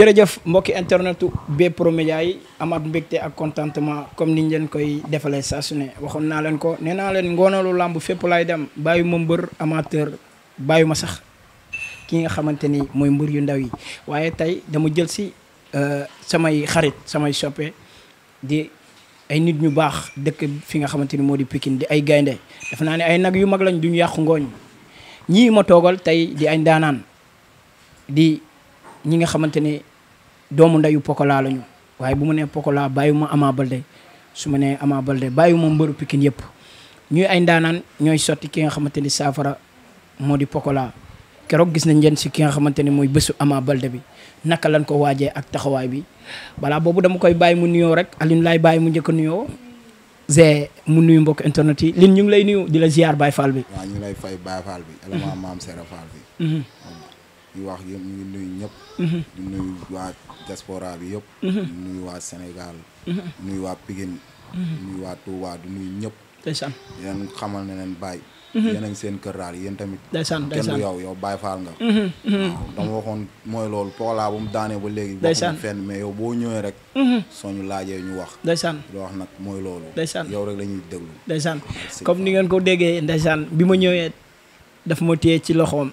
jërëjëf mbokki internetu Bprod Média yi amaat mbégte ak contentement comme niñ leen koy defalee saa su ne waxoon naa leen ko nee naa leen ngoonalu làmb fépp laay dem bàyyi ma mbër amateur bàyyi ma sax ki nga xamante ni mooy mbër yu ndaw yi waaye tey dama jël si euh, samay xarit samay soppe di ay nit ñu baax dëkk fi nga xamante ni moo di Pikine di ay gaynde dafa naa ne ay nag yu mag lañ duñu yàqu ngooñ ñii ma toogal tey di ay ndaanaan di ñi nga xamante ni doomu ndeyu Pokola lañu waaye bu mu nee Pokola bàyyiwuma Ama Baldé su ma nee Ama Baldé bàyyiwuma mbaru Pikine yëpp ñuy ay ndaanaan ñooy sotti ki nga xamante ni saafara moo di Pokola keroog gis nañ leen si ki nga xamante ni mooy bésu Ama balde bi naka lañ ko waajee ak taxawaay bi balaa boobu dama koy bàyyi mu nuyoo rek Alioune laay bàyyi mu njëkk a nuyoo Zé mu nuyu mbokk internet yi lin ñu ngi lay nuyu di la ziar Baye Fall bi. waaw ñu ngi lay fay bi. élément maam Serap Fall bi. Mhm. yu wax yëpp ñu ngi nuyu ñëpp mhm. di nuyu waa diaspora bi yëpp mhm. di nuyu waa Sénégal mhm. nuyu waa Pikine nuyu waa Touba di nuyu ñëpp ndeysaan yéen xamal ne bàyyi yéen a ngi seen kër daal yéen tamit ndeysaan kenn du yow yow Baye Fall nga waaw dama bu ba léegi waxuñu fenn boo ñëwee rek soo ñu ñu wax ndeysaan loo nag mooy loolu ndeysaan yow rek la ñuy déglu ndeysaan comme ni ngeen ko déggee ndeysaan bi ma ñëwee daf ma téye ci loxoom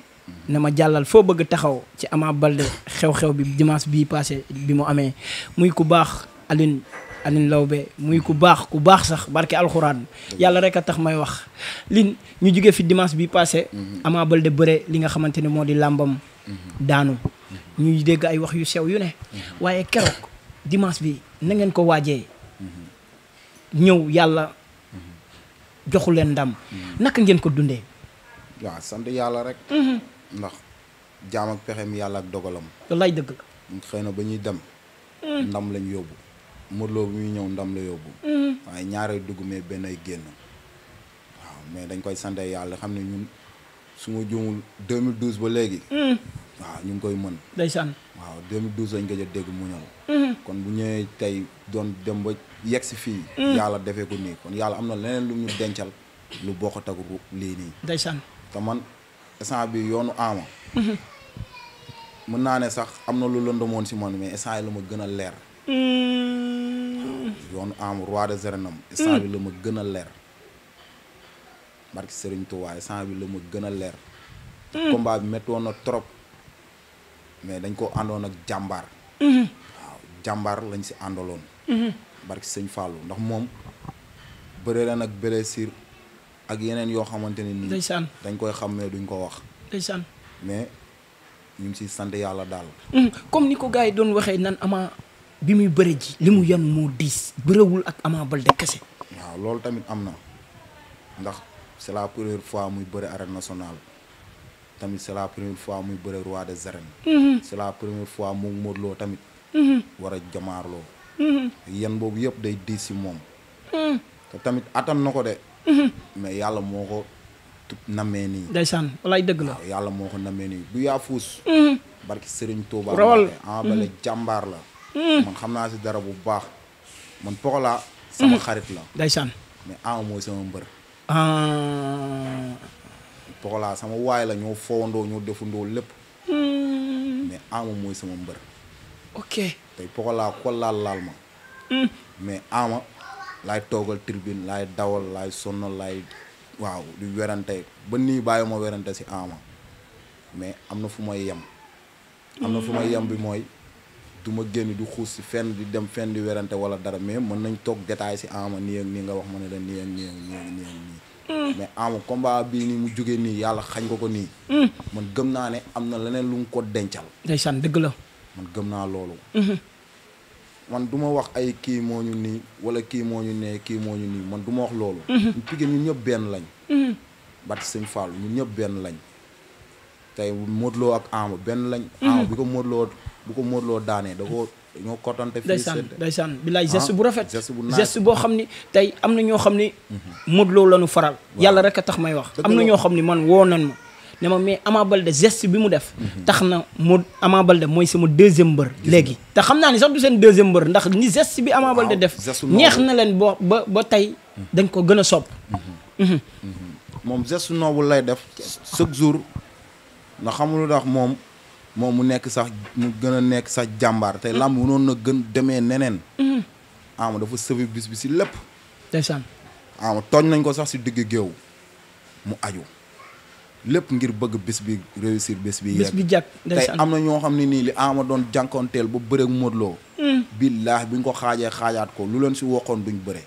ne ma jàllal foo bëgg taxaw ci Ama Baldé xew-xew bi dimanche bii passé bi mu amee muy ku baax Aline Aline Lawbe muy ku baax ku baax sax barke alxuraan yàlla rek a tax may wax lin ñu jóge fi dimanche bi passé mhm. Ama Baldé bëre li nga xamante ne moo di làmbam mhm. daanu mhm. ñuy dégg ay wax yu sew yu ne waaye keroog dimanche bi nangeen ko waaje ñëw yàlla joxu leen ndam naka ngeen ko dundee waaw sant yàlla rek ndax jaam ak pexeem yàlla ak dogalam. wallaay dëgg la. xëy na ba ñuy dem. Hmm. ndam lañ yóbbu. Modou Lo bu ñuy ñëw ndam la yóbbu. Hmm. waaye ñaaree dugg mais benn ay génn. waaw mais dañ koy sante yàlla xam ne ñun su ma juumul 2012 ba léegi. Hmm. waaw ñu ngi koy mën. ndeysaan waaw 2012 lañ gëj a dégg mu ñëw. kon bu ñëwee tey doon dem ba yegg si fii. yàlla defee ko nii kon yàlla am na leneen lu mu dencal lu bokkut ak lii nii. ndeysaan te man. instant bi yoonu Ama mën naa ne sax am na lu lëndëmoon si man mais instant yi la ma gën a leer hmm. yoonu Ama roi des arènes hmm. instant bi lu ma gën a leer barki Serigne Touba instant bi la ma gën a leer hmm. combat bi na trop mais dañ ko àndoon ak jàmbaar waaw jàmbaar lañ si àndaloon barki Sëñ Fallou ndax moom bëre ak blessure ak yeneen yoo xamante ne nii. ndeysaan dañ koy xam mais duñ ko wax. ndeysaan mais ñu ngi siy sant yàlla daal. comme ni ko gars yi doon waxee nan ama bi muy bëre ji li mu yan moo diis bërewul ak Ama Baldé kese. waaw loolu tamit am na ndax c'est la première fois muy bëre arène nationale tamit c'est la première fois muy bëre roi des arènes. c'est la première fois mu Modou Lo tamit. war a jamaarloo. yan boobu yëpp day diis si moom. te tamit attan na ko de. mais yàlla moo ko namee nii. ndeysaan walaay dëgg la yàlla moo ko namee nii bu yaafuus. Mm-hmm. barki Serigne Touba. rawal ah mm-hmm. la. Mm-hmm. man xam naa si dara bu baax man Pokola. sama xarit la. ndeysaan mais ah mooy sama mbër. Ah. Pokola sama waay la ñoo fowandoo ñoo defandoo lépp. mais ama mooy sama mbër. ok tey Pokola ko laal laal ma. Mm. mais ama laay toogal tirbine laay dawal laay sonnal laay waaw di werante ba nii bàyyi ma werante si Ama mais am na fu may yem am na fu may yem bi mooy du ma génn di xuus si fenn di dem fenn di werante wala dara mais mën nañ toog détail si Ama nii ak nii nga wax ma ne la nii ak nii ak nii mm. mais Ama combat bii nii mu jógee nii yàlla xañ ko ko nii. Mm. man gëm naa ne am na leneen lu mu ko dencal. ndeysaan dëgg la. man gëm naa loolu. Mm-hmm. man du ma wax ay kii moo ñu nii wala kii moo ñu nee kii moo ñu nii man du ma wax loolu. Mhm. ñu Pikine ñun ñëpp benn lañ. Mhm. Bati Sëñ Fall ñu ñëpp benn lañ. tey Modou Lo ak Ama benn lañ. Mhm. Ama bi ko Modou Lo bu ko Modou daanee da koo ñoo kottante. fii seen ndeysaan bilaay ah, gest bu rafet. geste bu naaj boo xam ni tey am na ñoo xam ni. Modou lañu faral. yàlla rekk a tax may wax. am na ñoo xam ni man woo nañ ma. ne ma mais Ama Baldé gest bi mu def. tax na mu Ama de mooy sama deuxième mbër. léegi te xam naa ni sax du seen deuxième mbër ndax ni geste bi Ama de def. neex na leen boo ba ba tey dañ ko gën a sopp. Mhm. Mhm. moom geste noble lay def chaque jour na xamul ndax moom moom mu nekk sax mu gën a nekk sax jàmbaar tey mhm. làmb noonu na gën demee neneen. ama dafa sëbi bis bi si lépp. ndeysaan ama tooñ nañ ko sax si digg géew mu aju. lépp ngir bëgg bis bi réussir bis bi. bis bi jàpp tey am na ñoo xam ne nii li ama doon jànkonteel ba bëreeg Modou Lo. Hmm. billaahi buñ ko xaajee xaajaat ko lu leen si waxoon duñ bëre.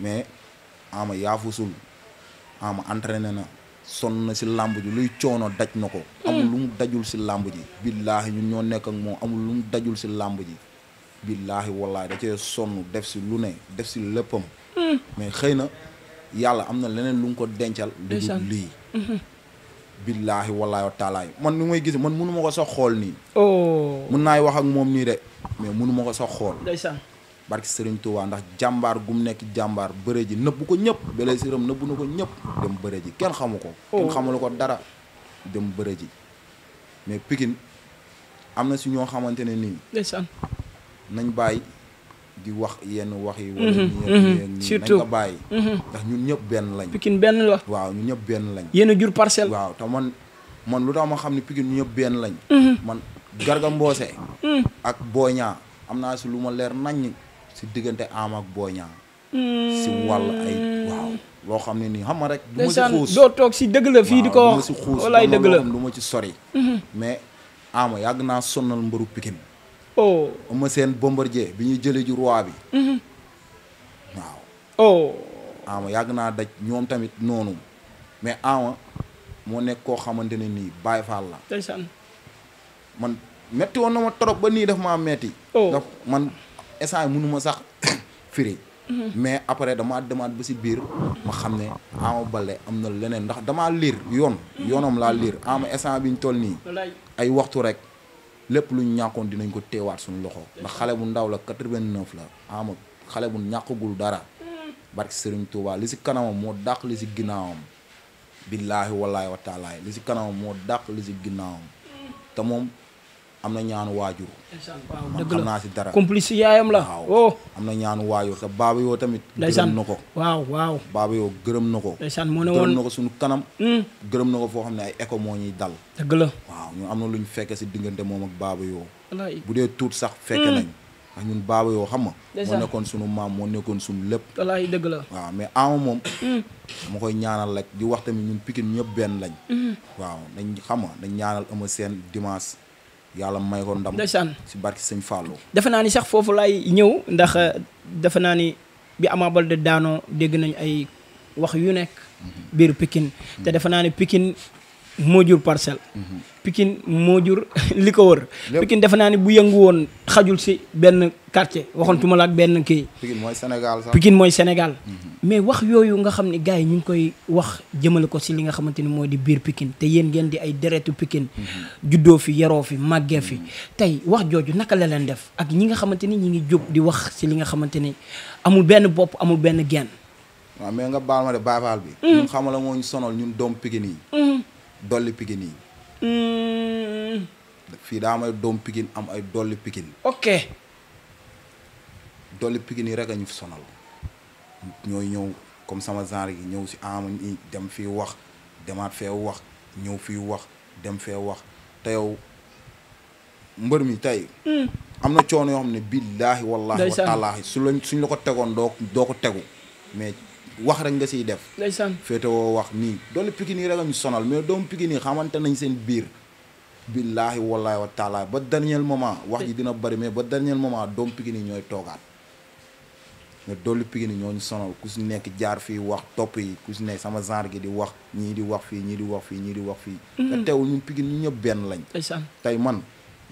mais ama yaafusul ama entraîné na sonn na si làmb ji luy coono daj na ko. Hmm. amul lu mu dajul si làmb ji. billaahi ñu ñoo nekk ak moom amul lu mu dajul si làmb ji. billaahi wallaahi da cee sonn def si lu ne def si léppam. Hmm. mais xëy na. yàlla am na leneen lu nga ko dencal lu dul lii mhm. billaahi wallaahi wa taalaay man ni may gis man mënu ma ko sax xool nii oh. mun naay wax ak moom nii de mais mënu ma ko sax xool barki Serigne Touba ndax jàmbaar gum nekk jàmbaar bëre ji nëbb ko ñëpp bele siram nëbbu na ko ñëpp dem bëre ji kenn xamu ko oh. kenn la ko dara dem bëre ji mais pikin am na si ñoo xamante ne nii nañ bàyyi di wax yenn wax yi. wala ñii mhm, mhm. surtout nañ ko bàyyi. Mhm. ndax ñun ñëpp benn lañ. Pikine benn la. waaw ñun ñëpp benn lañ. yéen jur parcelle. waaw te man lu tax ma xam ne Pikine ñun ñëpp benn lañ. man Garga Mbossé. ak Boña am naa si lu ma leer naññ si diggante Ama ak Boña. si wàll ay waaw loo xam ne nii xam nga rek. du ma si xuus doo toog si dëgg la fii di ko wax. walaay dëgg ma si xuus du ma ci sori. mais Ama yàgg naa sonnal mbëru Pikine. Oh. ma seen Sène Bombardier bi ñuy jëlee ji roi bi. Mhm. waaw. oh. yàgg naa daj ñoom tamit noonu mais ama moo nekk koo xamante ne nii Baye Fall la. man metti woon na ma trop ba nii daf ma metti. oh ndax man instant mënu sax firi. Mhm. mais après damaa demaat ba si biir ma xam ne Ama Baldé am na leneen ndax damaa liir yoon. Mhm. yoonam laa liir ama instant bi ñu toll nii. ay waxtu rek. lépp lu ñu ñàkkoon dinañ ko teewaat suñu loxo ndax xale bu ndaw la 89 la ama xale bu ñàkkagul dara barke Serigne Touba li si kanamam moo dàq li si ginnaawam billaahi wallaahi wa li si kanamam moo dàq li si ginnaawam te am na ñaanu waajur. man xam naa si dara complice la. waaw oh. am na ñaanu waajur te baaba yoo tamit. gërëm na ko waaw yoo gërëm na ko. ndeysaan moo ne na ko suñu kanam. Hmm. gërëm na ko foo xam ne ay écho moo ñuy dal. dëgg waaw ñu am na lu ñu fekkee si diggante moom ak baaba yoo. bu dee tuut sax fekk hmm. nañ. ndax ñun baaba yoo xam nga. moo nekkoon sunu maam moo nekkoon sunu lépp. wallaahi mais ama moom. Hmm. koy ñaanal rek di wax tamit ñun pikin ñëpp benn lañ. waaw dañ xam nga dañ ñaanal Eumeu Sène dimanche yàlla may ko ndam. ndeysaan si barki sëñ Fallou. defe naa ni sax foofu laay ñëw ndax euh, defe naa ni bi amaabal Baldé daanoo dégg nañu ay wax yu nekk. Mhm. biir pikin te defe naa ni Pikine moo jur parcelle. Mhm. pikin moo jur li ko wër. Pikine defe naa ne bu yëngu woon xajul si benn quartier waxantuma la ak benn kii. Pikine mooy Sénégal mooy Sénégal. Mhm. mais wax yooyu nga xam ne gars yi ñu ngi koy wax jëmale ko si li nga xamante ni moo di biir Pikine te yéen ngeen di ay deretu Pikine. Mhm. juddoo fi yaroo fi màggee fi tey wax jooju naka la leen def ak ñi nga xamante ni ñi ngi jóg di wax si li nga xamante ni amul benn bopp amul benn genn. waa mais nga baal ma de baabaal bi. moo sonal ñun doom yi. dolli pikin yi. Hmm. fii daa may doom pikin am ay dolli pikin. ok. dolli pikin yi rek a ñu fi sonal. ñooy ñëw comme sama genre gi ñëw si am dem fii wax demaat fee wax ñëw fii wax dem fee wax te yow mbër mi tey. Hmm. am na coono yoo xam ne billaahi wallaahi wa su la suñ la ko tegoon doo doo ko tegu mais. wax rek nga siy def. ndeysaan féete woo wax nii doole Pikine yi rek a ñu sonal mais doomu Pikine yi xamante nañ seen biir. billaahi wallaahi wa taala ba dernier moment wax ji dina bari mais ba dernier moment doomu Pikine ñooy toogaat. mais doole Pikine yi ñoo sonal ku si nekk jaar fii wax topp yi ku si nekk sama genre gi di wax ñii di wax fii ñii di wax fii ñii di wax fii. Mm-hmm. te teewul ñun Pikine ñu ñëpp benn lañ. tey man.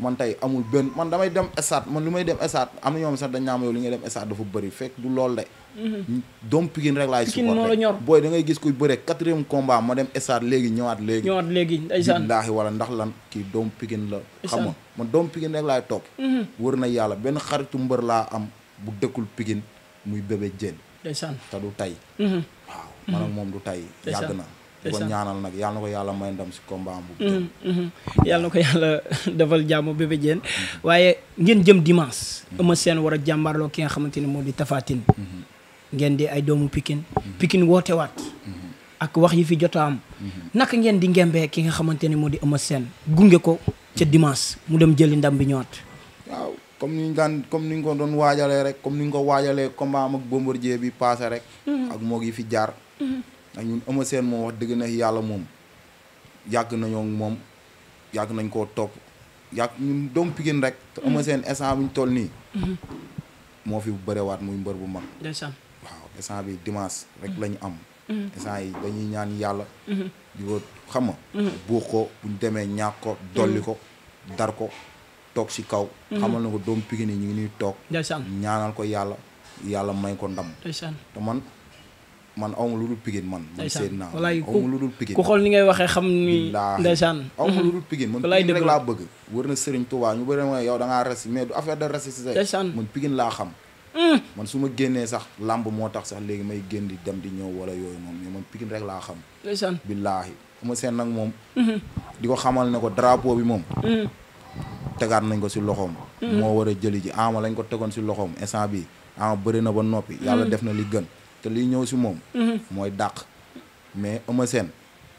man tey amul benn man damay dem stade man lu may dem stade am na ñoom sax dañ naan yow li ngay dem stade dafa bëri fekk du loolu de. Mhm. doom Pikine rek laay. supporté booy da ngay gis kuy bëree quatrième combat ma dem stade léegi ñëwaat léegi. ñëwaat léegi ndeysaan billaahi wala ndax lan kii doom Pikine la. xam ma man doom Pikine rek laay topp. Mhm. wër na yàlla benn xaritu mbër laa am bu dëkkul Pikine muy bébé Diène. ndeysaan te du tay. Mhm. waaw man ak moom du tay yàgg na. di ko nag yàlla na ko yàlla may ndam si combat am bu mm-hmm, mm-hmm. yàlla na ko yàlla defal jàmm Bébé Diène mm-hmm. waaye ngeen jëm dimanche Eumeu seen war a jàmbaarloo ki nga xamante ne moo di tafaatin ngeen di ay doomu pikin pikin woote waat ak wax yi fi jot a am naka ngeen di ngembee ki nga xamante ne moo di Eumeu Sène gunge ko ca dimanche mu dem jëli ndam bi ñëwaat waaw comme ni ñu daan ni ñu ko doon waajalee rek comme ni ñu ko waajalee combat am ak Bombardier bi passé rek ak moo yi fi jaar ndax ñun Eumeu Sène moom wax dëgg na yàlla moom yàgg nañoo moom yàgg nañ koo topp yàgg ñun doom Pikine rek. te mm-hmm. Eumeu Sène instant bu ñu toll nii. Mm-hmm. moo fi bërewaat muy mbër bu mag. waaw instant bi dimaas rek lañu am. Mm-hmm. instant yi dañuy ñaan yàlla. xam ma. buux ko bu ñu demee ñàkk ko dolli ko dar ko toog si kaw. xamal na ko doom Pikine yi ñu ngi ñuy toog. ñaanal ko yàlla yàlla may ko ndam. te man. man awma lu dul Pikine man man seen naa awma lu dul Pikine ku xool ni ngay waxee xam ni ndeysaan awma lu hmm. dul Pikine man Pikine rek laa bëgg wër na Serigne Touba ñu bëri ma yow da ngaa rasi mais du affaire de rasi si sa man laa xam hmm. man su ma génnee sax làmb moo tax sax léegi may génn di dem di ñëw wala yooyu moom mais man Pikine rek laa xam ndeysaan billaahi ama seen nag moom hmm. di ko xamal ne ko drapeau bi moom tegaat nañ ko si loxoom moo war a jëli ji ama lañ ko tegoon si loxoom instant bi ama bëri na ba noppi yàlla def na li gën te liy ñëw si moom. Mhm. mooy dàq. mais Eumeu Sène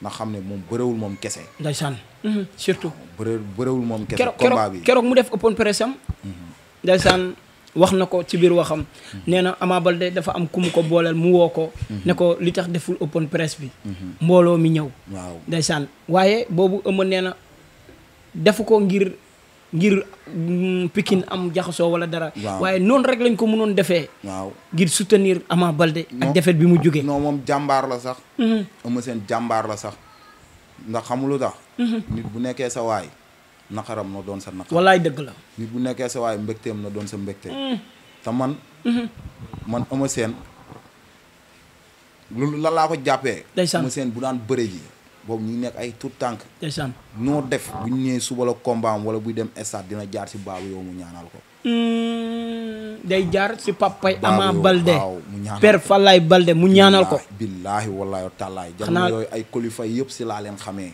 na xam ne moom bëriwul moom kese. ndeysaan mhm, surtout. bëree bëriwul moom kese. combat bi keroog mu def open press am. Mhm. ndeysaan wax na ko ci biir waxam. nee na Ama Baldé dafa am ku mu ko booleel mu woo ko. ne ko li tax deful open press bi. mbooloo mi ñëw. waaw ndeysaan waaye boobu Eumeu nee defu ko ngir. ngir mm, pikin am jaxasoo wala dara. waaye noonu rek lañ ko mënoon defee. waaw ngir soutenir Ama Balde. ak defet bi mu jógee. noo moom jàmbaar la sax. Mm-hmm. ama seen jàmbaar la sax ndax xamu lu mm-hmm. nit bu nekkee sa waay naqaram na doon sa naqar. wallaay dëgg la. nit bu nekkee sa waay mbégteem na doon sa mbégte. Mm. te man. Mm-hmm. man ama seen. lu lan laa ko jàppee. ama seen bu daan bëre ji. boobu ñu nekk ay tout tànk noo def bu ñu nee suba la combat am wala buy dem stade dina jaar si baabu yow mu ñaanal ko hmm, day jaar si papay Ama Balde per Falaay Balde mu ñaanal ko billaahi wallaahi tàllaay jamono yooyu ay kolifay yëpp si laa leen xamee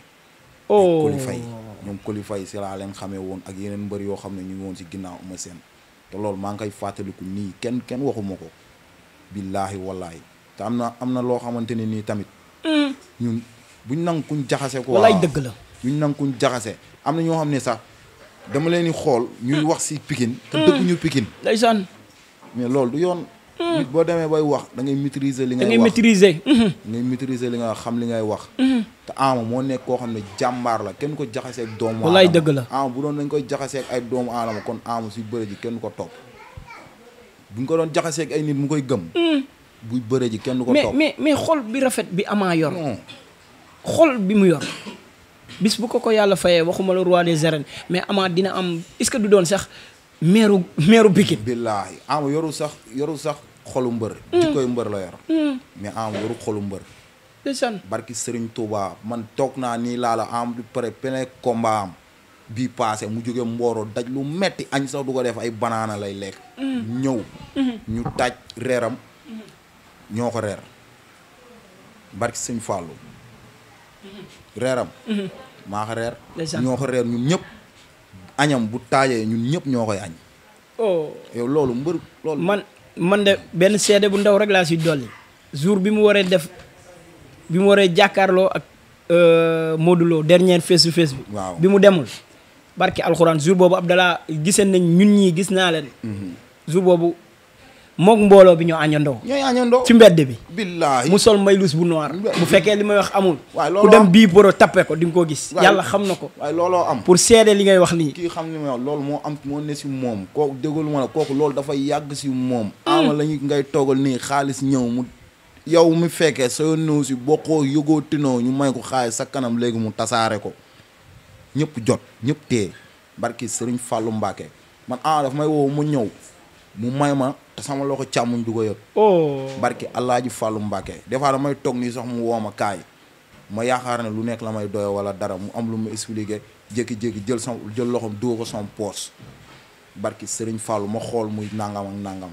oh kolifay ñoom kolifay si laa leen xamee woon ak yeneen mbër yoo xam ne ñu ngi woon si ginnaaw Eumeu Sène te loolu maa ngi koy fàttaliku nii kenn kenn waxuma ko billaahi wallaahi te am na am na loo xamante ne nii tamit hmm. buñ nangu kuñ jaxasee ko ay dëgg la buñ nangu kuñ jaxasee am na ñoo xam ne sax dama leen di xool ñuy wax si pikin te hmm. dëkk dëgguñu pikin ndeysaan mais loolu du yoon hmm. nit boo demee bay wax da ngay maîtriser li ngay wax da ngay maîtriser hmm. ngay maîtriser li nga xam li ngay wax te Ama moo nekk koo xam ne jàmbaar la kenn ko jaxasee ak doomu walaay dëgg la Ama bu doon dañ koy jaxasee ay doomu aadama kon Ama si bëre ji kenn ko topp buñ ko doon jaxasee ay nit mu koy gëm buy bëre ji kenn ko topp mais xool bi rafet bi Ama yor xol bi mu yor bis bu ko ko yàlla fayee waxuma la roi des arènes mais Ama dina am est-ce que du doon sax meeru meeru Pikine billaahi Ama yoru sax yoru sax xolu mbër di mm. koy mbër la yor mm. mais Ama yoru xolu mbër ndeysaan barki Serigne Touba man toog naa ni laa la am du pare plein combat paase mu jóge mbooro daj lu metti añ sax du ko def ay banaana lay lekk mm. ñëw mm-hmm. ñu taaj reeram mm-hmm. ñoo ko reer barki Serigne Fallou reeram mm-hmm. maa ko reer ñoo ko reer ñun ñëpp añam bu taajee ñun ñëpp ñoo koy añ oh. yow loolu mbër loolu man man de benn seede bu ndaw rek laa si dolli jour bi mu waree def bi mu waree jàkkaarloo ak euh, Modou Lo dernier face to face bi bi mu demul barke alxuraan jour boobu Abdallah giseen nañ ñun ñi gis naa leen mm-hmm. jour boobu mook mbooloo bi ñoo añandoo. ñooy añandoo ci mbedd bi. billaahi mu sol maylus bu noir. bu fekkee li may wax amul. ku dem bii boro tappe ko di nga ko gis. yàlla xam na ko. waay looloo am pour seede li ngay wax nii. kii xam ni ma lool moo am moo ne si moom kooku déggul ma la kooku loolu dafa yàgg si moom. Hmm. ama la ñu ngay toogal nii xaalis ñëw mu. yow mi fekkee sa yoon si bokkoo yëgoo ñu may ko xaalis sa kanam léegi mu tasaare ko ñëpp jot ñëpp téye barki Serigne Fallou Mbacke man ah daf may woo mu ñëw mu may ma te sama loxo càmmuñ du ko yëg. oh barki Alaaji Fàllu Mbàkke des fois damay toog nii sax mu woo ma kaay ma yaakaar ne lu nekk la may doy wala dara mu am lu mu expliqué jékki-jékki jël sama jël loxom dugal ko sama poos barki Sëriñ Fàllu ma xool muy nangam ak nangam.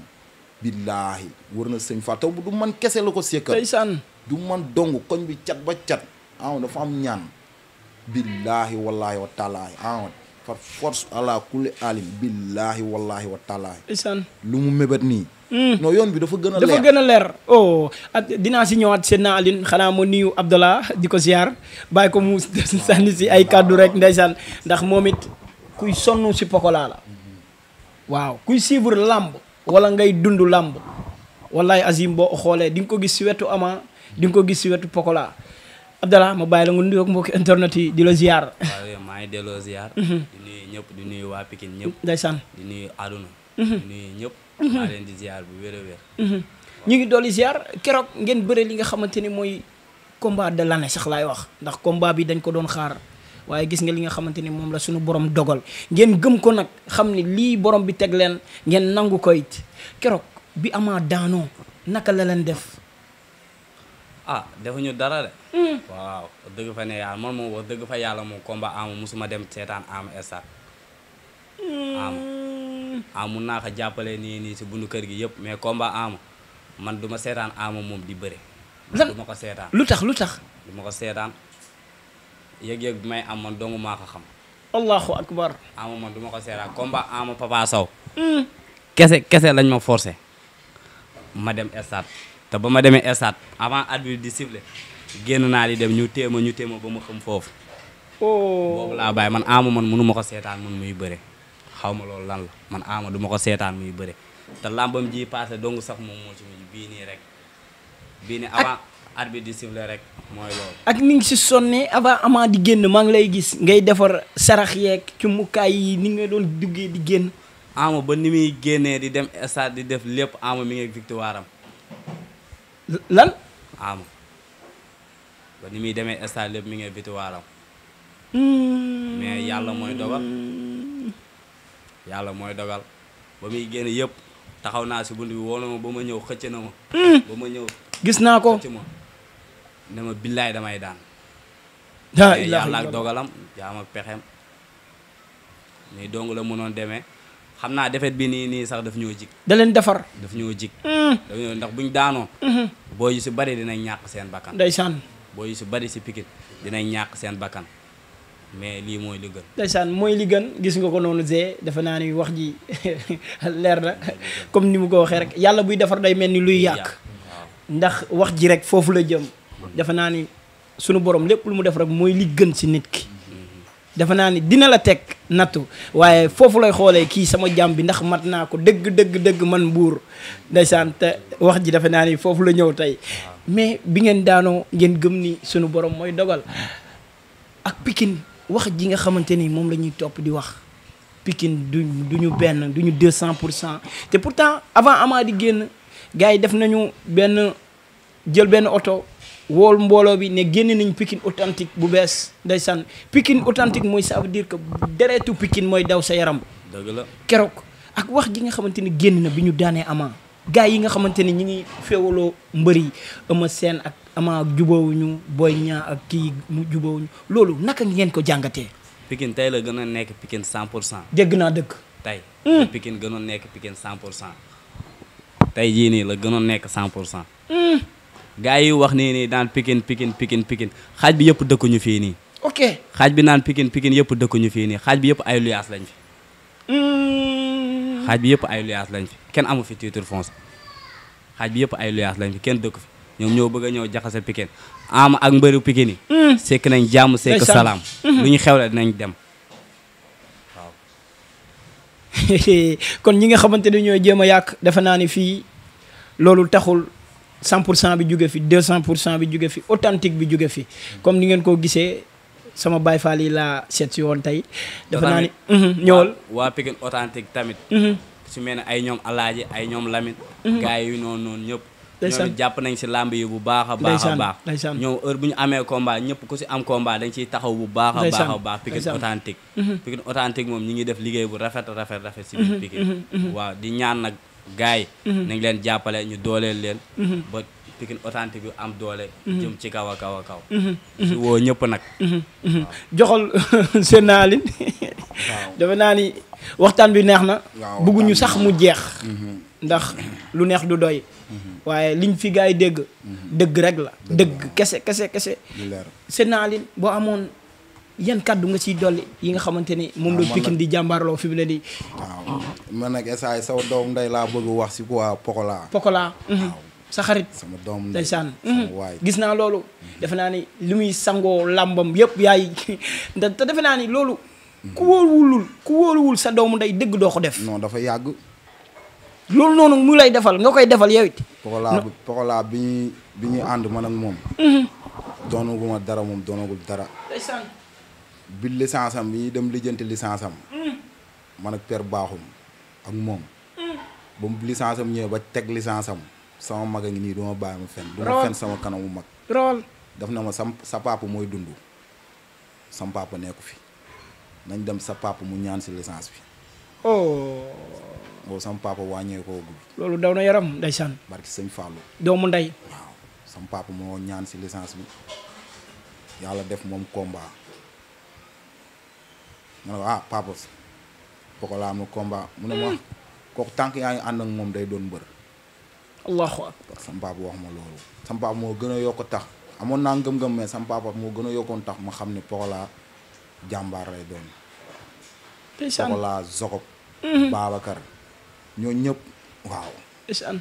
billaahi wër na sëñ Fall taw du man kese la ko sekkal. du man dong koñ bi cat ba cat. ah dafa am ñaan. billaahi wallaahi wa taalaahi ah, par force allah kulli alim billaahi wallaahi wa taalaahi. isaan lu mu mébét nii. Hmm. non yoon bi dafa gën a leer a oh, dinaa si ñëwaat seen naa Aline xanaa ma nuyu Abdallah di ko ziar bàyyi ko mu sànni si ay kàddu rek ndeysaan ndax moom it kuy sonn si Pokola la waaw kuy suivre làmb wala ngay dund làmb wallaay Azim boo xoolee di nga ko gis si wetu Ama di nga ko gis si wetu Pokola Abdallah ma bàyyi la nga nuyoog mbokki internet yi di la ziar. maa ngi delloo ziar. Mhm. di nuyu ñëpp di nuyu waa Pikine ñëpp. ndeysaan di nuyu aduna. Mhm. di nuyu ñëpp. Mhm. maa leen di ziar bu wér a wér. ñu ngi dolli ziar keroog ngeen bëre li nga xamante ni mooy combat de l'année sax laay wax ndax combat bi dañ ko doon xaar. waaye gis nga li nga xamante ni moom la suñu borom dogal ngeen gëm ko nag xam ni lii borom bi teg leen ngeen nangu ko it keroog bi amaa daanoo naka la leen def ah defuñu dara de. Mm. waaw wax dëgg fa ne yàlla man moom wax dëgg fa yàlla moom combat amu musuma dem seetaan amu estat. amu mm. jàppale nii nii si kër gi yëpp mais combat amu man duma seetaan amu moom di bëre. lan duma ko seetaan lu tax lu tax. duma ko seetaan yëg-yëg may am man dongu maa ko xam. allahu akbar. amu man duma ko seetaan komba amu Papa mm. kese kese lañ ma forcé ma dem estat. te ba ma demee stade avant arbitre di siffler génn naa di dem ñu téema ñu téema ba ma xam foofu. Oh. boobu laa bàyyi man ama man mënu ma ko seetaan man muy bëre. xaw ma loolu lan man ama du ma ko seetaan muy bëre te làmbam ji passé dong sax moom moo ci mujj bii nii rek. bii nii avant arbitre di siffler rek mooy loolu. ak ni nga si sonnee avant ama di génn maa ngi lay gis ngay defar sarax yeeg ci mukaay yi ni nga doon duggee di génn. ama ba ni muy génnee di dem stade di def lépp ama mi ngi victoire am lan. am ba ni muy demee stade lépp mi ngi biti waaram. Hmm. yàlla mooy dogal. yàlla mooy dogal ba muy génn yëpp taxaw naa si bunt bi woo na ma ba ma ñëw xëcc na hmm. ba ma ñëw. gis naa ko xëcc ma ne ma billaay damay daan. daa yàlla ak dogalam jaam ak pexeem. nii dong la mënoon deme xam naa defet bi nii nii sax daf ñoo jig. da defar daf ñoo jig. Hmm. daf ñoo ndax buñ daanoo. boo yu si bari dinañ ñàkk seen bakkan day boo yu si bari si Pikine dinañ ñàkk seen bakkan mais lii mooy li gën ndeysaan mooy li gis nga ko noonu Zé defe naa ni wax ji leer na comme ni mu ko waxee rek yàlla buy defar day mel ni luy yàq ndax wax ji rek foofu la jëm defe naa ni sunu borom lépp lu mu def rek mooy li gën si nit ki dafa naa ni dina la teg nattu waaye foofu lay xoolee kii sama jàmm bi ndax mat naa ko dëgg dëgg dëgg man mbuur ndeysaan te wax ji dafa naa ni foofu la ñëw tey mais bi ngeen daanoo ngeen gëm ni sunu borom mooy dogal ak Pikine wax ji nga xamante ni moom la ñuy topp di wax Pikine du ñu benn du ñu deux cent pour cent te pourtant avant Ama di génn gars yi def nañu benn jël benn oto wool mbooloo bi ne génn nañ Pikine authentique bu bees ndeysaan Pikine authentique mooy sa veut dire que deretu Pikine mooy daw sa yaram. dëgg la keroog ak wax ji nga xamante ni génn na bi ñu daanee Ama. gars yi nga xamante ni ñi ngi féewaloo mbër yi Eumeu Sène ak Ama jubóowuñu Boy ñaa ak kii mu jubóowuñu loolu naka ngeen ko jàngatee. Pikine tey la gën a nekk Pikine 100 cent. dégg naa dëgg. tey. Hmm. la gën gënoon nekk Pikine 100 cent. tey jii nii la a nekk 100 cent. gaa yi wax nii nii daan pikin pikin pikin xaaj bi yëpp dëkkuñu fii nii. ok xaaj bi naan pikin pikin yëpp dëkkuñu fii nii xaaj bi yëpp ay luyaas lañ fi. Hmm. xaaj bi yëpp ay luyaas lañ fi kenn amu fi titre xaaj yëpp ay luyaas lañ kenn dëkk fi ñoom ñoo bëgg a ñëw jaxase pikin am ak mbëru pikin yi. Hmm. sekk nañ jàmm sekk salaam. Hmm. lu ñu xewle dinañ dem. kon ñi nga xamante ni ñooy jëm a yàq defe naa ni fii loolu taxul cent pour cent bi jóge fi deux cent pour cent bi jóge fi authentique bi jóge fi comme ni ngeen ko gisee sama Baye Fall yi laa seet si woon tey dafa naa ni mhm, ñëwal waa Pikine authentique tamit mhm. su mel ne ay ñoom alaaji ay ñoom lamit mhm. gars yi noonu noonu ñëpp ñoom jàpp nañ si làmb yi bu baax a baax a baax ñoom heure bu ñu amee combat ñëpp ku si am combat dañ ciy taxaw bu baax a baax baax Pikine authentique Pikine authentique moom ñu ngi def liggéey bu rafet rafet rafet gars yi mhm. nañ leen jàppale ñu dooleel leen mhm. ba Pikine authentique bi am doole mhm. jëm ci kaw a kaw a kaw si woo ñëpp nag joxal seen naa dafa naa ni waxtaan bi neex na bëgguñu sax mu jeex ndax lu neex du doy waaye liñ fi gars yi dégg dëgg rek la dëgg kese kese kese seen boo amoon yan kàddu nga ciy dolli yi nga xamante ni moom la Pikine di jàmbaarloo fi mu ne nii waaw man nag esaay sama doom nday laa wax si quoi Pokola Pokola mhm. sa xarit sama doom ndeysaan mhm. waay gis naa loolu defe naa ni li muy sangoo làmbam yëpp yaay te defe naa ni loolu ku mhm. wóoluwulul ku wóoluwul sa doomu ndey dëgg doo ko def non dafa yàgg loolu noonu mu lay defal nga koy defal yow it Pokola bi ñuy bi ñuy ànd ma ak moom doonaguma dara moom doonagul dara bi licence am yi dem lijjanti licence am. Mm. man ak père baaxum ak moom. Mm. ba mu licence am ñëwee ba teg licence am sama mag a ngi nii du ma bàyyi ma fen du ma fen sama kanamu mag. rool na ma sam sa mooy dund sam papa fi nañ dem sa mu ñaan si licence bi. oh. boobu wàññeekoo guddi. loolu daw na yaram ndeysaan. barki sëñ Fallou. doomu ndey. waaw sam papa moo ñaan si licence bi yàlla def moom combat. ma ne ko ah papa Pokola am combat mu ne ma hmm. kooku tànk yaa ngi ànd ak moom day doon mbër. allahu akbar sam wax ma loolu. sam papa moo gën a yokk tax amoon naa ngëm-ngëm mais sam moo gën a yokkoon tax ma xam ne Pokola jàmbaar lay doon. ndeysaan Pokola Zokob. Mhm. ñoo ñëpp waaw. ndeysaan.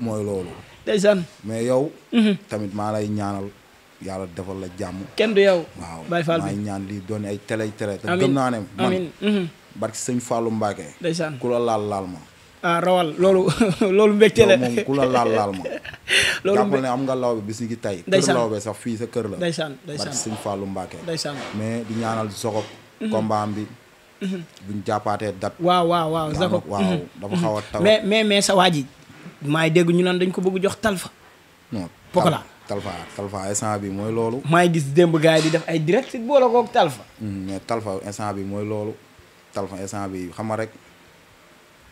mooy loolu. mais yow. Mhm. tamit maa lay ñaanal. yàlla defal la jàmm. kenn du yow. Baye Fall bi waaw maa ñaan lii doon ay télé télé. te gëm naa ne man mhm. barki sëñ Fallou ku la laal laal ma. ah rawal loolu loolu mbégte la ku la laal laal ma. loolu nga lawbe bi si gi tey. ndeysaan kër lawbe sax sa kër la. ndeysaan ndeysaan barki sëñ Fallou Mbacké. ndeysaan ñaanal soxob. Mhm. combat bi. Mhm. buñ jàppaatee date. waaw waaw waaw Jacob dafa xaw a taw mais mais sa waa maa dégg ñu naan dañ ko bëgg jox Talfa. non Pokola Talfa Talfa instant bi mooy loolu. maa ngi gis démb gars yi di def ay direct si boole koog Talfa. Hmm, mais Talfa instant bi mooy loolu Talfa instant bi xam nga rek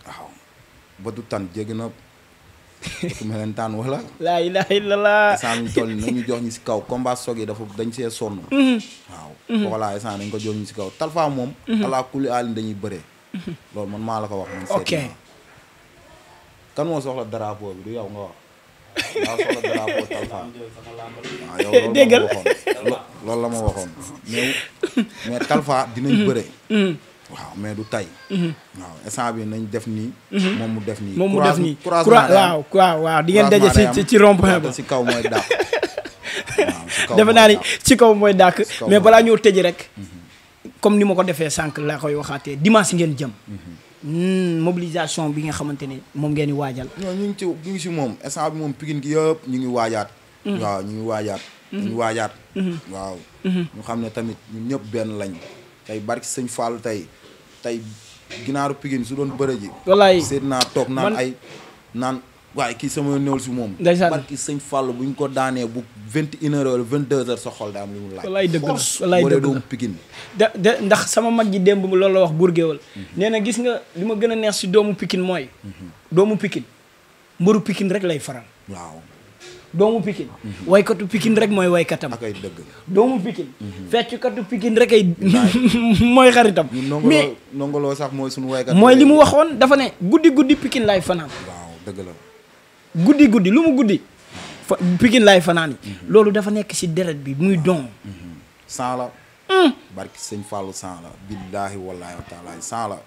waaw ba du tan jéggi na ku melentaan wala. laa ilaaha illallaah. instant bi ñu toll jox ñu si kaw combat soog yi dafa dañ see sonn. Hmm. waaw. voilà hmm. instant dañ ko jox ñu si kaw Talfa moom. ala kulli aalin dañuy bëree. loolu man maa la ko wax. man seetlu naa kan moo soxla drapeau bi du yow nga wax. daa soxla drapeau talfa loolu la ma waxoon mais mais talfa dinañ bëre waaw mais du tay waaw nañ def nii moom mu def nii moom mu nii waaw waaw waaw di ngeen daje ci ci rond-point ba si kaw mooy dàq defe naa ni ci kaw mooy dàq mais balaa ñëw tëj rek mhm. comme ni ma ko defee sànq laa koy waxaatee dimanche ngeen jëm mhm. Hmm, mobilisation bi nga xamante ne moom ngeen di waajal. non ñu ngi ci si moom instant bi moom Pikine gi yëpp ñu ngi waajaat. Hmm. waaw ñu ngi waajaat. Hmm. ñu waajaat. waaw. ñu xam ne tamit ñun ñëpp benn lañ tey barki sëñ Fall tey tey ginaaru Pikine su doon bëre ji. wallaay seet naa toog naan ay naan. waaye kii sama néew si moom. ndeysaan barki sëñ Fall bu ñu ko daanee bu vingt une heure wala vingt deux heures sa xol daa am lu mu laaj. wallaay dëgg la wallaay dëgg la Pikine. da da ndax sama mag ji démb loolu la wax Bourgéwal. Mhm. nee na gis nga li ma gën a neex si doomu Pikine mooy. Mhm. doomu Pikine mbëru pikin rek lay faral. waaw doomu Pikine. Mhm. waykatu Pikine rek mooy waykatam. ak ay dëgg doomu Pikine. feccukatu Pikine rek ay mooy xaritam. mais nongoloo sax mooy sunu waykat. mooy li mu waxoon dafa ne guddi guddi Pikine lay fanaan. waaw dëgg la. guddi guddi lu mu guddi fa Pikine laay fanaan yi mhm. loolu dafa nekk si deret bi muy don mhm. sant la hmm. barki sëñ Fallou sant la billaahi wallaahi wa taala la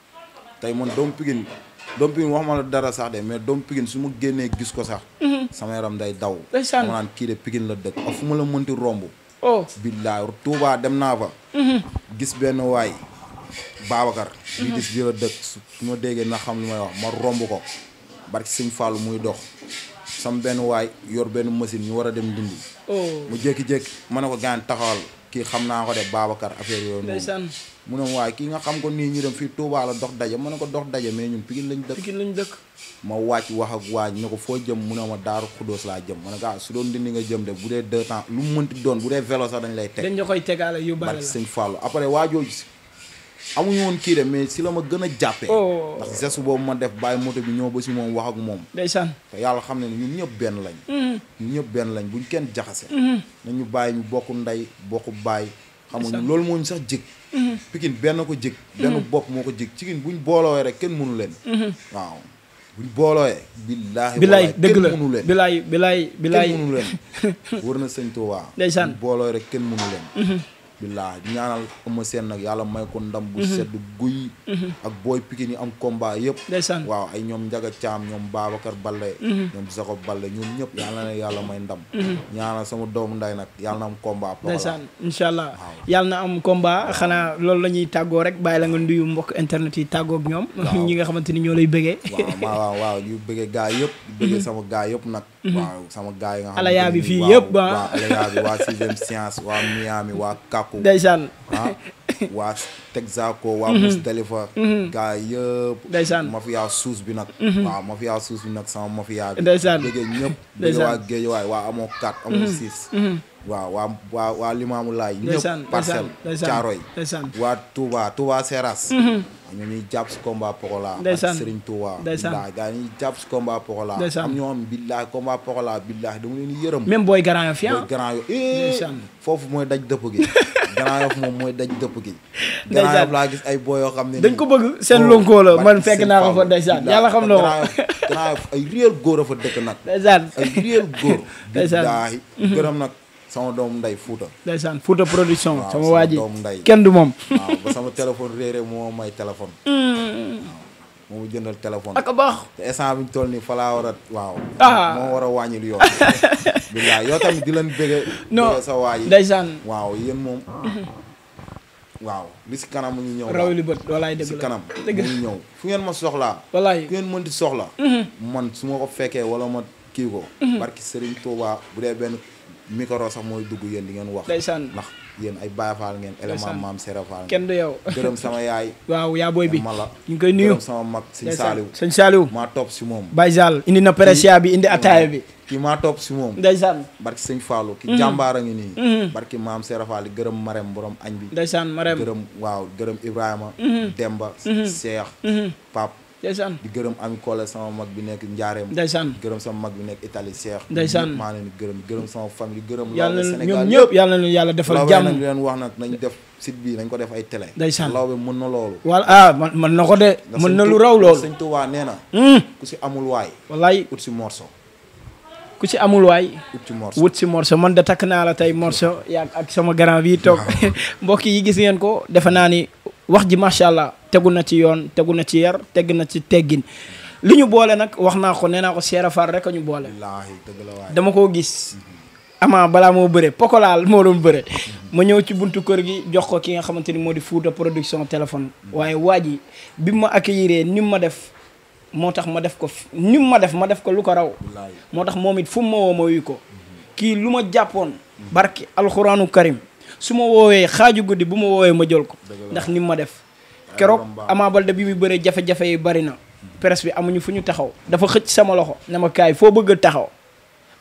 tey man doomu Pikine doomu Pikine wax ma la dara sax de mais doomu Pikine su ma génnee gis ko sax mhm. sama yaram day daw ma naan kii de Pikine la dëkk ak fu ma la mënti romb oh billaahi Touba dem naa fa gis benn waay Babacar lii gis bi la dëkk su ma déggee na xam lu may wax ma romb ko barki sëñ Fallou muy dox sam benn waay yor benn machine ñu war a dem dindi. Oh. mu jékki-jékki ma ne ko gaan taxawal kii xam naa ko de Babacar affaire yooyu noonu. mu ne waaye kii nga xam ko nii ñu dem fii Touba dox daje ma ne ko dox daje mais ñun Pikine lañ dëkk. Pikine lañ dëkk. ma wàcc wax ak waaj ne ko foo jëm mu ne ma Daaru Xudóos laa jëm ma ne ko ah, su doon dindi nga jëm de bu dee deux temps lu mënti doon bu dee vélo sax dañ lay teg. dañ la koy tegaale yóbbaale amuñu woon kii de mais si la ma gën a jàppee oh. ndax geste boobu ma def bàyyi moto bi ñoo ba si moom wax ak moom ndeysaan te yàlla xam ne ñun ñëpp benn lañ mm-hmm. ñun ñëpp benn lañ buñ kenn jaxase mm-hmm. nañu bàyyi ñu bokk ndey bokk bàyyi xamuñu loolu moo ñu sax jig mm-hmm. pikin benn ko jig benn bopp moo ko jig cikin buñ boolooyee rek kenn mënu leen waaw buñ boolooyee billaahi bilaay dëgg la mënu leen bilaay bilaay bilaay mënu leen wër na sëñ Tuubaa ndeysaan buñ rek kenn mënu leen billaa ñaanal Eumeu Sène nag yàlla may ko ndam bu mhm. sedd guy mhm. ak booy Pikine yi am combat yëpp waaw ay ñoom Njaga Caam ñoom Babacar Baldé mhm. ñoom Jacob Baldé ñoom ñëpp yàlla na yàlla may ndam ñaanal sama doomu nday nag yàlla na am combat ndeysaan incha allah yàlla na am combat xanaa loolu la ñuy tàggoo rek bàyyi la nga nduyu mbokk internet yi tàggoo ak ñoom ñi nga xamante ni ñoo lay bëggee waaw waaw waaw ñu bëggee gaa yëpp bëggee sama gaa yëpp nag waaw mm-hmm. sama gars yi nga bi yëpp ah. waa alayaa waa sixième science waa Miami waa Kaku. ndeysaan ah, waa Texaco. waa Mustalifa. Mm-hmm. Mm-hmm. gars yëpp. ndeysaan mafia bi nag. waaw mafia bi nag sama mafia bi. ndeysaan dégg ñëpp. dégg waa Géejawaay waa amoo 4 amoo 6. waa waa waa Limaamu Laay. ndeysaan ñëpp parcelle Caaroy. waa Touba Touba Seras. am na ñuy jàpp si combat Pokola. ndeysaan ak Serigne Touba. ndeysaan billaay gaa ñuy jàpp si combat Pokola. ndeysaan am ñoo xam billaay combat Pokola billaay dama leen di yërëm. même booy Grand Yoff yi ah. eh, foofu mooy daj dëpp gi. Grand Yoff moom mooy daj dëpp gi. ndeysaan Grand laa gis ay booy yoo xam ne. dañ ko bëgg seen oh, lonko la man fekk naa ko fa ndeysaan yàlla xam na ko. Grand Yoff ay réel góor a fa dëkk nag. ndeysaan ay réel góor. ndeysaan billaay mm-hmm. nag. sama doom nday Fouta. ndeysaan Fouta production. sama waa ji kenn du moom. sama téléphone réeré moo may téléphone. moom mu jëndal téléphone. ak baax te instant bi ñu toll nii fa laa war a. waaw ah. moo war a wàññil yoon. bilaay yoo tamit di leen bëggee. non sa waa yi ndeysaan waaw yéen moom. waaw li si kanam mu ñu ñëw. raw li bët si kanam fu ngeen ma soxlaa. walaay ku ngeen mënti soxla. Mm-hmm. man su ma ko fekkee wala ma kii ko. Mm-hmm. barki Serigne Touba bu dee benn. micro sax mooy dugg yéen di ngeen wax. ndeysaan ndax yéen ay Baye Fall ngeen. élément maam Serap Fall ngeen. kenn du yow gërëm sama yaay. waaw yaa bi mala ñu ngi koy nuyu gërëm sama mag. sëñ Saliou sëñ Saliou maa topp si moom. Baye Sall indi na précia bi indi ataaya bi. ki maa topp si moom. ndeysaan barki sëñ ki mm-hmm. jàmbaara ngi nii. Mm-hmm. barki maam Serap Fall gërëm Marème borom añ bi. ndeysaan Marème gërëm waaw gërëm Ibrahima. Mm-hmm. Demba. Cheikh Pape. ndeysaan di gërëm ami Kole sama mag bi nekk Njaareem ndeysaan di gërëm sama mag bi nekk Italie Cheikh ndeysaan maa leen gërëm gërëm sama famille gërëm yàlla ñoom ñëpp yàlla na yàlla defal jàmm nag leen wax nag bi mën na loolu wala ah mën na ko de mën na lu raw loolu sëñ Touba nee na hmm. ku si amul waay wallaay ut si morceau ku ci amul waay wut ci morso man da takk naa la tey morso yaag ak sama grand bi toog mbokk yi gis ngeen ko defe naa ni wax ji macha allah tegu na ci yoon tegu na ci yar tegu na ci teggin li ñu boole nag wax naa ko nee naa ko Seera far rek a ñu boole. dama koo gis. amaa balaa moo bëre pokolaal moo doon bëre. ma ñëw ci buntu kër gi jox ko ki nga xamante ni moo di Fouta production téléphone. waaye waa ji bi ma accueillir ni ma def. moo tax ma def ko ni ma def ma def ko lu ko raw moo tax moom it fu mu ma woo ma ko kii lu ma jàppoon barki alxuraanu karim su ma woowee xaaju guddi bu ma woowee ma jël ko ndax ni ma def keroog Ama Baldé bi muy bëree jafe-jafe yi bari na mm-hmm. presse bi amuñu fu ñu taxaw dafa xëcc sama loxo ne kaay foo bëgg taxaw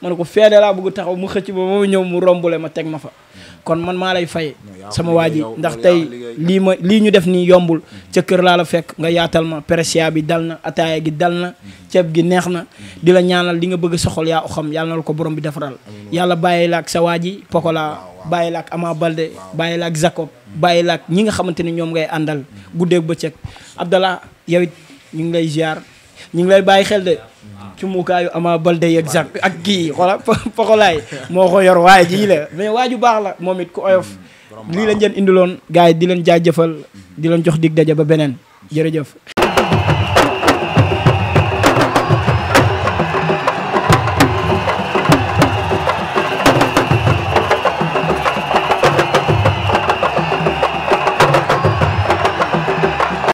ma ne ko feene laa bëgg taxaw mu xëcc ba ma ñëw mu rombule ma teg ma fa mm-hmm. kon man maa lay fay sama waa ji ndax tey lii ma lii ñu def nii yombul mm-hmm. ca kër laa la fekk nga yaatal ma presia bi dal na ataaya gi dal na ceeb gi neex na di la ñaanal li nga bëgg soxal yaa xam yàlla ko borom bi defaral yàlla bàyyi la ak Ama Balde bàyyi la ak Jacob bàyyi la ak ñi nga xamante ni ñoom ngay àndal guddeeg bëccëg Abdallah yow it ñu ngi lay ziar ñu ngi lay bàyyi xel de ci muukaayu Ama Balde yeeg Jac ak kii xoola poxolaay moo ko yor waaye jii la mais waa ju baax la moom it ku oyof lii lañ leen indiloon gars yi di leen jëfal di leen jox dig daje ba beneen jërëjëf